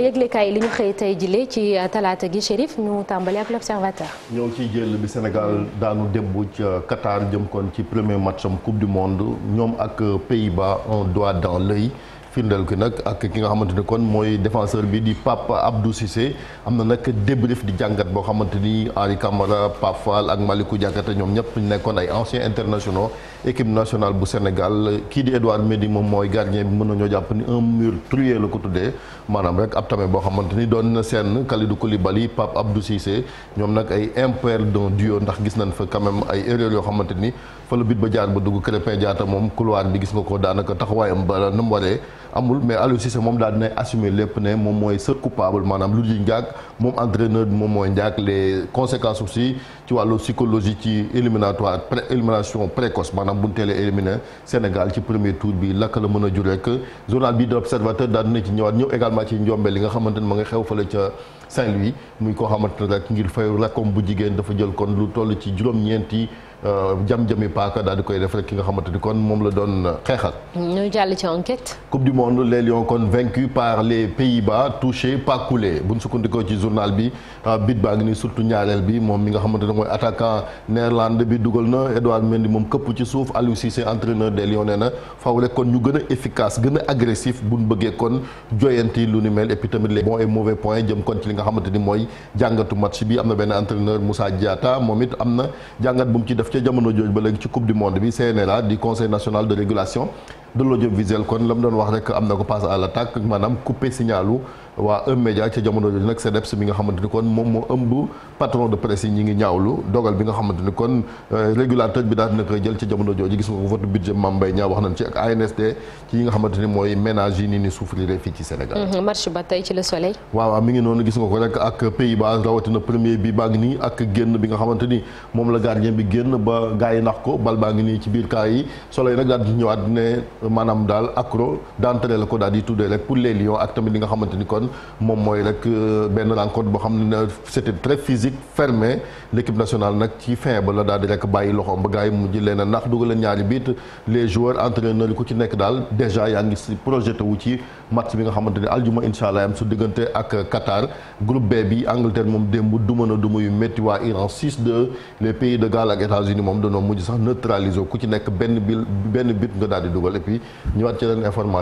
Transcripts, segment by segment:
yëglekaay yi li ñu xëy tey jile ci talaata gi Chérif ñu tàmbali ak l'observateur ñëw ci jël bi Sénégal daanu démb ca Qatar jëm kon ci premier match am coupe du monde ñoom ak pays ba on doit dans l'œil firndeel ki nag ak ki nga xamante ni kon mooy défenseur bi di Pape Abdou Cissé am na nag débrief di jàngat boo xamante ni Henri Camara Pape Fall ak Malick Diakhaté ñoom ñëpp ñu nekkoon ay anciens internationaux équipe nationale bu Sénégal kii di Edouard Mendy moom mooy gardien bi mën nañoo jàpp ni un mur troué la ko tuddee maanaam rek ab tamit boo xamante ni doon na seen Kalidou Koulibaly Pape Abdou Cissé ñoom nag ay impair d'un duo ndax gis nañ fa quand même ay yoo xamante ni fa la jaar ba dugg Krépin Diatta moom couloir bi gis nga ko daanaka taxawaayam ba na mu waree amul mais Aliou Cissé moom daal dina assumé lépp ne moom mooy seul coupable maanaam lu ji njaag moom entraîneur bi moom mooy njaag les conséquences aussi ci wàllu psychologie ci éliminatoire pré élimination précoce maanaam bu ñu teelee éliminer Sénégal ci premier tour bi lakk la mën a jur rek journal bi de l'Observateur daal dina ci ñëwaat ñëw également ci njombe li nga xamante ne ma nga xew fële ca Saint-Louis muy koo xamante ne rek ngir fay rakkom bu jigéen dafa jël kon lu toll ci juróom-ñeenti. Euh, jam-jami paaka daal di koy def rek ki nga xamante ni kon moom la doon xeexal. ñu jàll ci enquête. coupe du monde les kon vaincus par les Pays-Bas touchés pas coulés bu ñu sukkandikoo ci journal bi euh, bit baa ngi nii surtout ñaareel bi moom mi nga xamante ne mooy attaquant néerlandais bi dugal na mel ni moom këpp ci suuf Aliou Cissé entraîneur des lions nee na kon ñu gën a efficace gën a agressif bu ñu bëggee kon joyanti lu ni mel et tamit les bons et mauvais points li nga xamante ni mooy jàngatu match bi am na benn entraîneur Moussa Diatta moom it am na jàngat bu mu ci def ca jamono jooj ba léegi ci coupe du monde bi CNRA di conseil national de régulation de l'audiovisuel kon la mu doon wax rek am na ko passe à l'attaque maanaam couper signalu waa E-Media ca jamono jooju nag CDEPS mi nga xamante ni kon moom moo ëmb patron de presse yi ñi ngi ñaawlu dogal bi nga xamante kon euh, régulateur bi daal dina koy jël ca jamono jooju gis nga ko vote budget Mame Mbaye Niang wax nañ ci ak ANSD ci yi ni ni ni souffrir fii ci Sénégal mm-hmm. marche ba tey ci le soleil nga ko rek ni moom la gardien bi génn ba gars yi nax ko bal baa ngi nii ci biir kaa yi soleil nag daal di ñëwaat ne maanaam daal accro d'entrée la ko daal di tuddee rek pour les ak tamit li nga xamante yoon moom mooy rek euh, benn rencontre boo xam ne c'était très physique fermé l'équipe nationale nag ci fin ba la daal di rek bàyyi loxo ba gars yi mujj leen a nax dugal ñaari biit les joueurs entraîneurs ku ci nekk daal déjà yaa ngi si projeté wu ci match bi nga xamante ne aljuma incha allah am su diggante ak Qatar groupe B bi Angleterre moom démb duma na duma yu métti waa Iran 6-2 les pays de Galles ak États-Unis moom dañoo mujj sax neutraliser ku ci nekk benn bil benn bit nga daal di dugal et puis ñëwaat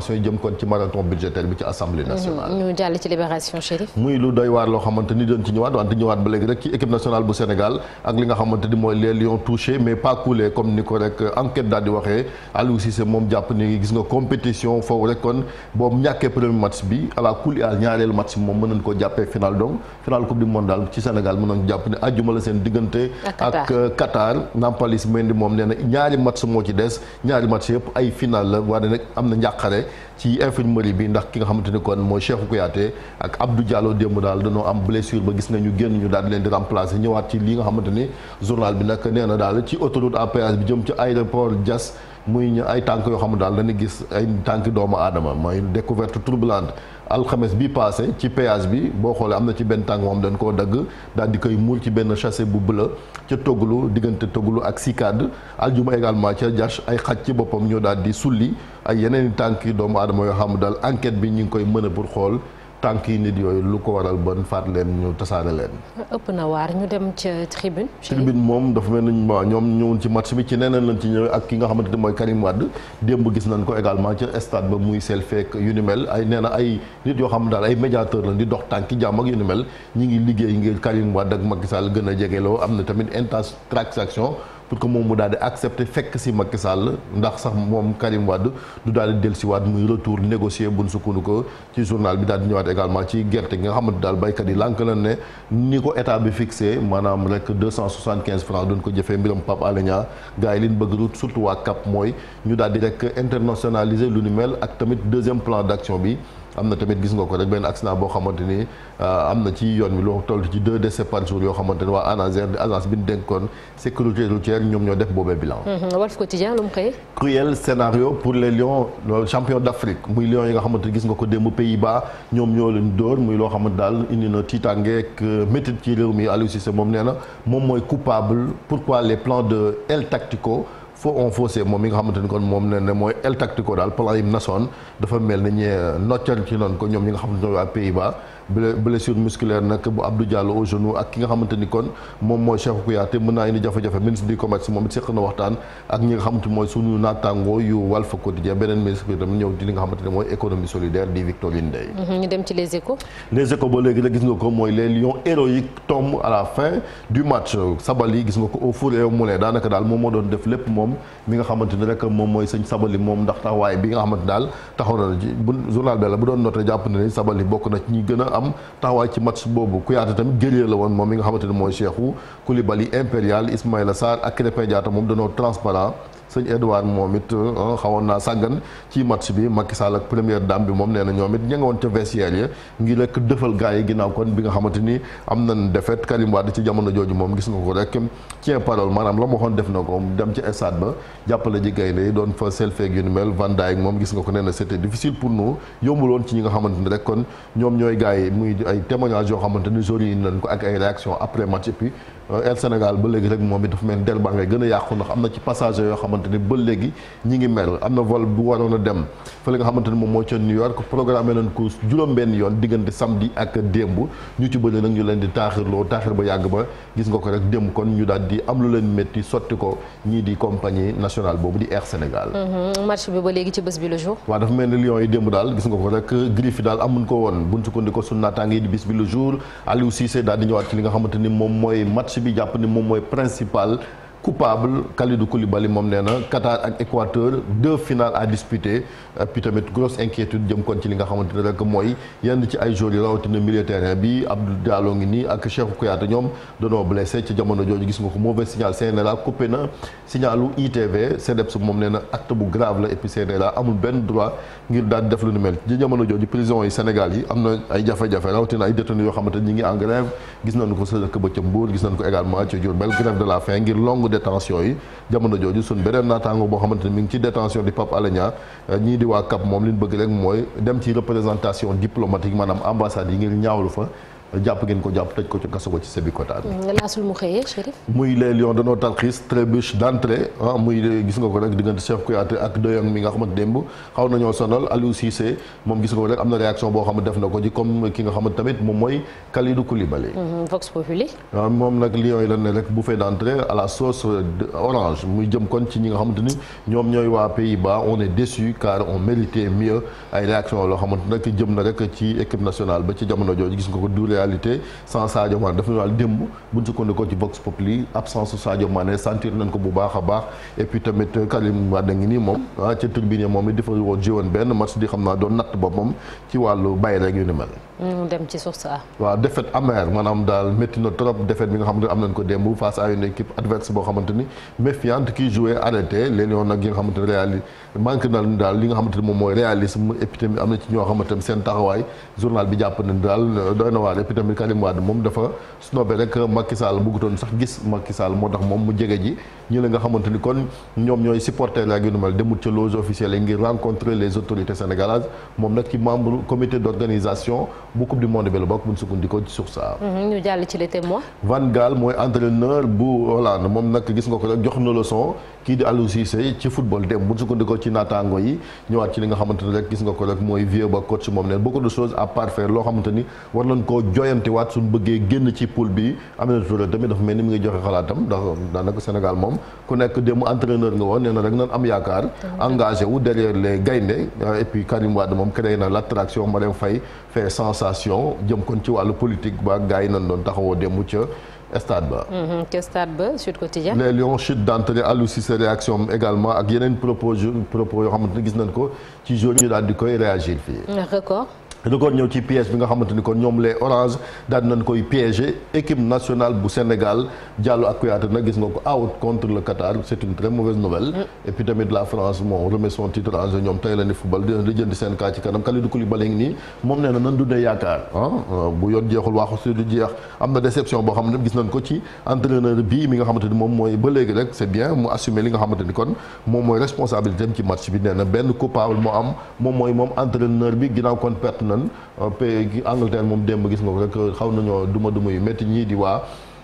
ci yi jëm kon ci marathon budgétaire bi ci assemblée nationale. Mmh, jàll ci libération Chérif muy lu doy waar loo xamante ni doon ci ñëwaat wante ñëwaat ba léegi rek ci équipe nationale bu Sénégal ak li nga xamante ni mooy les lions touchés mais pas coulés comme ni ko rek euh, enquête daal di waxee Aliou Cissé moom jàpp ni gis nga compétition foofu rek kon boobu ñàkkee premier match bi à la coulée à ñaareelu match bi moom mën nañ ko jàppee final donc final coupe du monde daal ci Sénégal mën nañ jàpp ne àjjuma la seen diggante ak euh, Qatar Nampalys Mendy moom nee na ñaari match moo ci des ñaari match yëpp ay final la waaye nag am na njàqare ci infirmerie bi ndax ki nga xamante ni kon mooy Cheikhou Kouyaté ak Abdou Diallo démb daal dañoo am blessure ba gis nañu ñu génn ñu daal di leen di remplacer ñëwaat ci li nga xamante ni journal bi nag nee na daal ci autoroute à péage bi jëm ci aéroport Diass muy ñu ay tànk yoo xam ne daal dañu gis ay tànk doomu aadama mooy découverte troublante alxames bi passé ci péage bi boo xoolee am na ci benn tànk moom dañ koo dagg dal di koy muul ci benn chasset bu bleu ca Toglu diggante Toglu ak Sicad aljuma également ca Diash ay xaj ci boppam ñoo daal di sulli ay yeneen i tànk doomu aadama yoo xam daal enquête bi ñu ngi koy mën a pour xool tànk yi nit yooyu lu ko waral ban faat leen ñu tasaare leen. ëpp na waar ñu dem ca tribune. tribune moom dafa mel ni waaw ñoom ñëwoon ci match bi ci neneen lañ ci ñëwee ak ki nga xamante ne mooy Karim démb gis nañ ko également ca stade ba muy selfie ak yu ni mel ay nee na ay nit yoo xam daal ay médiateur lañ di dox tànki jàmm ak yu ni mel ñi ngi liggéey ngir Karim Wade ak Macky Sall gën a jegeloo am na tamit intertraction pour que moom mu daal di accepter fekk si Macky Sall ndax sax moom Karim Wade du daal di dellusiwaat muy retour négocier buñ sukkandiku ci journal bi daal di ñëwaat également ci gerte gi nga xamante daal béykat yi lànk la ne ni ko état bi fixé maanaam rek deux cent soixante quinze francs duñ ko jëfee mbiram Pape Alé Niang gars yi liñ bëgg ruut surtout waa CAP mooy ñu daal di rek internationaliser lu ni mel ak tamit deuxième plan d'action bi am na tamit gis nga ko rek benn accident boo xamante euh, am na ci yoon bi loo toll ci deux décès par yoo xamante waa ANASER agence bi ñu dénkoon sécurité routière ñoom ñoo def boobee bilan. Mm-hmm. Walf Quotidien lu mu xëyee. cruel scénario pour les lions champions d'Afrique muy lions yi nga xamante gis nga ko démb Pays-Bas ñoom ñoo leen dóor muy loo xamante daal indi na tiitaange ak euh, métit ci réew mi Aliou Cissé moom nee moom mooy coupable pourquoi fo on faussé moom mi nga xamante ni kon moom ne ne mooy el tactico daal plan yi nasoon dafa mel ni ñee noccal ci noonu ko ñoom ñi nga xam ne waa Pays-Bas blessure musculaire nag bu Abdou Diallo ak ki nga xamante kon moom mooy Cheikhou Kouyaté mën naa indi jafe-jafe ministre du commerce moom it seq na waxtaan ak ñi nga xamante mooy économie solidaire di Victorine Ndeye mhm, ñu dem ci les échos les échos ba léegi la gis nga ko mooy les lions héroïques tombent à la fin du match Sabali gis nga ko au four et au moulin daanaka daal moom moo doon def lépp moom mi nga xamante rek moom mooy sëñ Sabali a am taxawaay ci match boobu Kouyaté tamit guerrier la woon moom mi nga xamante ne mooy Cheikhou Koulibaly Impérial Ismaïla Sarr ak Krépin Diatta moom danoo transparent sëñ Edouard moom it euh, xawoon naa sàggan ci match bi Macky Sall ak première dame bi moom nee na ñoom it ña nga woon ca vestiaire ya ngi rek dëfal gars ginnaaw kon bi nga xamante ni am na défaite Karim Wade ci jamono jooju moom gis nga ko rek tient parole maanaam la def na ko dem ci stade ba jàppale ji gaynde yi doon fa selfie yu ni mel Van moom gis nga ko nee na c'était difficile pour nous yombul woon ci ñi nga xamante ni rek kon ñoom ñooy gars yi muy ay témoignages yoo xamante ni jour yi nañ ko ak après match bi Euh, Air Sénégal ba léegi rek moom it dafa mel ni del baa ngay gën a yàqu ndax am na ci passager yoo xamante ba léegi ñi ngi mer am na vol bu waroon a dem fële nga xamante ni moom moo ca New York programmé nañ li nga xamante moom mooy match bi jàpp ni moom mooy principal coupable Kalidou Koulibaly moom nee na Qatar ak Équateur deux finales à disputer euh, puis tamit grosse inquiétude jëm kon ci li nga xamante ne rek mooy yenn ci ay joueurs yi rawatina milieu terrain bi Abdou Diallo ngi nii ak Cheikhou Kouyaté ñoom danoo ci jamono jooju gis nga ko mauvais signal CNRA coupé na signalu ITV CDEPS moom nee na acte bu grave la et puis amul benn droit ngir daal def lu ni mel ci jamono jooju prison yi Sénégal yi am na ay jafe-jafe yoo xamante ñi ngi en détention yi jamono jooju suñ beneen naataango boo xamante ne mi ngi ci détention di Pape Alé Niang ñii di waa CAP moom li ñu bëgg rek mooy dem ci représentation diplomatique maanaam ambassade yi ngir ñaawlu fa jàpp ngeen ko jàpp tëj ko ci kaso ba ci Sébikotane. Mm, laasul mu xëyee Chérif. muy les lions de nos tarxis trébuche d'entrée ah muy gis nga ko rek diggante Chef Kouyaté ak Doyong mi nga xamante démb xaw nañoo sonal Aliou Cissé moom gis nga ko rek am na réaction boo xam def na ko ci comme ki nga xamante tamit moom mooy Kalidou Koulibaly. Mm-hmm, Vox ah, moom nag lions yi lan ne rek bouffée d'entrée à la sauce orange muy jëm kon ci ñi nga xamante ni ñoom ñooy waa loo xamante nag jëm na rek ci réalité sans Sadio Mané dafa ñu daal démb buñ sukkandikoo ci Vox Populi absence su Sadio Mané sentir nañ ko bu baax a baax et puis tamit Karim Wade ngi nii moom ah ca tribune moom it dafa woon jiwoon benn match di xam naa doon natt boppam ci wàllu bàyyi rek yu ni mel. mu dem ci source A. waaw défaite amère maanaam daal métti na trop défaite bi nga xamante ne am nañ ko démb face xamante ni méfiante qui jouait arrêté léegi yoon nag xamante ne réali manqué na daal li nga xamante ne moom mooy réalisme et puis tamit am na ci ñoo xamante ne seen taxawaay journal bi jàpp na daal doy na waar et puis tamit rek Macky Sall bëggutoon sax gis makki saal moo tax moom mu jege ji ñi la nga xamante ni kon ñoom ñooy supporter ak yu nu mel demut ca loge officielle yi ngir rencontrer les autorités sénégalaises moom nag ci membre comité d'organisation bu coupe du monde bi la bokk bu ñu sukkandikoo ci source a mhm, ñu jàll ci le témoin Van Gaal mooy entraîneur bu Hollande moom nag gis nga ko jox na leçon kii di Aliou ci football dem bu ñu sukkandikoo ci naataango yi ñëwaat ci li nga xamante rek gis nga ko rek mooy vieux ba coach moom neen beaucoup de choses à parfaire loo xamante ni war nañ koo joyantiwaat suñu bëggee génn ci poule bi Aminata Touré tamit dafa mel ni mu ngi joxe conversation jëm kon ci wàllu politique ba gars yi doon taxawoo démb ca stade ba. Mm-hmm, ca stade ba Sud Quotidien. chute d'entrée Aliou Cissé réaction également ak yeneen propos propos yoo xamante gis nañ ko ci jour ñu daal di koy réagir record. ñu kon ñëw ci piège bi nga xamante ni kon ñoom les orange daal nañ koy piéger équipe nationale bu Sénégal Diallo ak Kouyaté nag gis nga ko out contre le Qatar c'est une mauvaise nouvelle. Mm. et puis la France moo remet son titre ñoom tey la football dina lijjanti seen kaa ci kanam Kalidou Koulibaly ngi nii moom nee na nan dundee yaakaar ah, euh, bu yoon jeexul waaxu du jeex am na déception boo xam ne gis nañ ko ci entraîneur bii mi nga xamante moom mooy ba léegi rek c'est am ci match bi nee na benn coupable moo am moom mooy bi ginnaaw nan euh, Angleterre moom démb gis nga ko rek xaw nañoo duma duma yu métti ñii di waa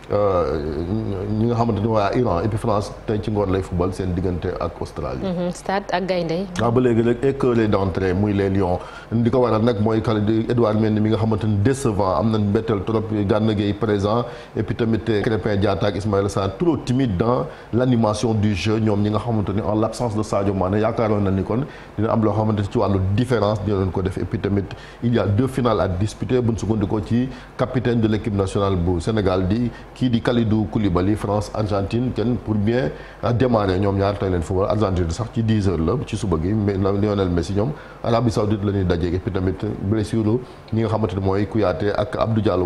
ñi nga xamante ni waa Iran et France tey ci ngoon lay football seen diggante ak Australie. Mhm, stade ak Gaynde. waaw ah, ba léegi rek écœuré d'entrée muy les Lions li ko waral nag mooy kàlla di Edouard Mendy mi nga xamante ni décevant am nañ mbetteel trop Gana Gueye présent et puis tamit Crépin eh, Diatta ak Ismaïla Sarr trop timide dans l'animation du jeu ñoom ñi nga xamante ni en l'absence de Sadio Mané yaakaaroon na ni kon dina am loo xamante ni ci wàllu différence dina leen ko def tamit il y a deux finales à disputer buñ sukkandikoo ci capitaine de l'équipe nationale kii di Kalidou Koulibaly France Argentine kenn pour bien euh, démarrer ñoom ñaar tey leen football Argentine sax ci 10 la ci suba gi Lionel Messi ñoom Arabie Saoudite la ñuy ak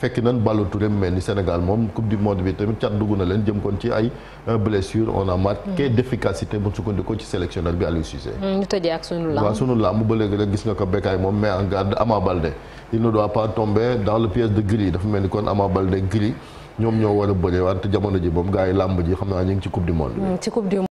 fekki nañ Ballo Touré mel ni Sénégal moom coupe du monde bi tamit cat dugg na leen jëm kon ci ay euh, blessure on a marqué mm. d'efficacité bu sukkandikoo ci sélectionneur bi Aliou Cissé. Mm, ñu tëjee ak sunu lamb ba léegi rek gis nga ko Bécaye moom met en garde Ama Baldé il ne doit pas tomber ñoom ñoo war a bëre wante jamono ji moom gars làmb ji xam naa ñu ngi ci coupe du monde.